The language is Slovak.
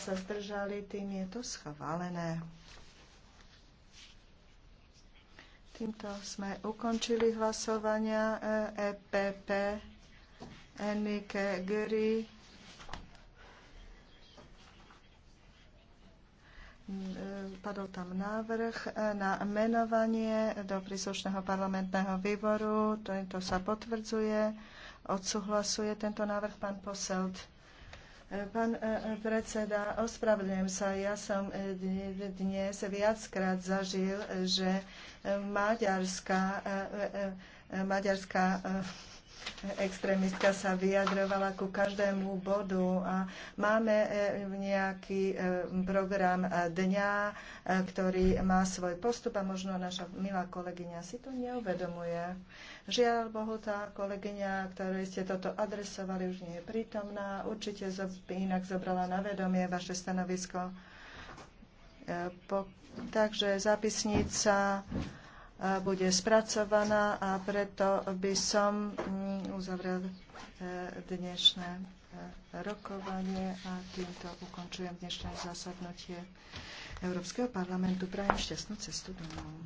sa zdržali, tým je to schválené. Týmto sme ukončili hlasovania EPP e Enike Gry. Mm, e, padol tam návrh e, na menovanie do príslušného parlamentného výboru. Tento sa potvrdzuje. Odsúhlasuje tento návrh pán Poselt. Pán e, predseda, ospravedlňujem sa. Ja som e, dnes viackrát zažil, e, že maďarská, maďarská extrémistka sa vyjadrovala ku každému bodu a máme e, nejaký e, program dňa, e, ktorý má svoj postup a možno naša milá kolegyňa si to neuvedomuje. Žiaľ Bohu, tá kolegyňa, ktorej ste toto adresovali, už nie je prítomná. Určite inak zobrala na vedomie vaše stanovisko. Takže zápisnica bude spracovaná a preto by som mm, uzavrel e, dnešné e, rokovanie a týmto ukončujem dnešné zasadnutie Európskeho parlamentu. Prajem šťastnú cestu domov.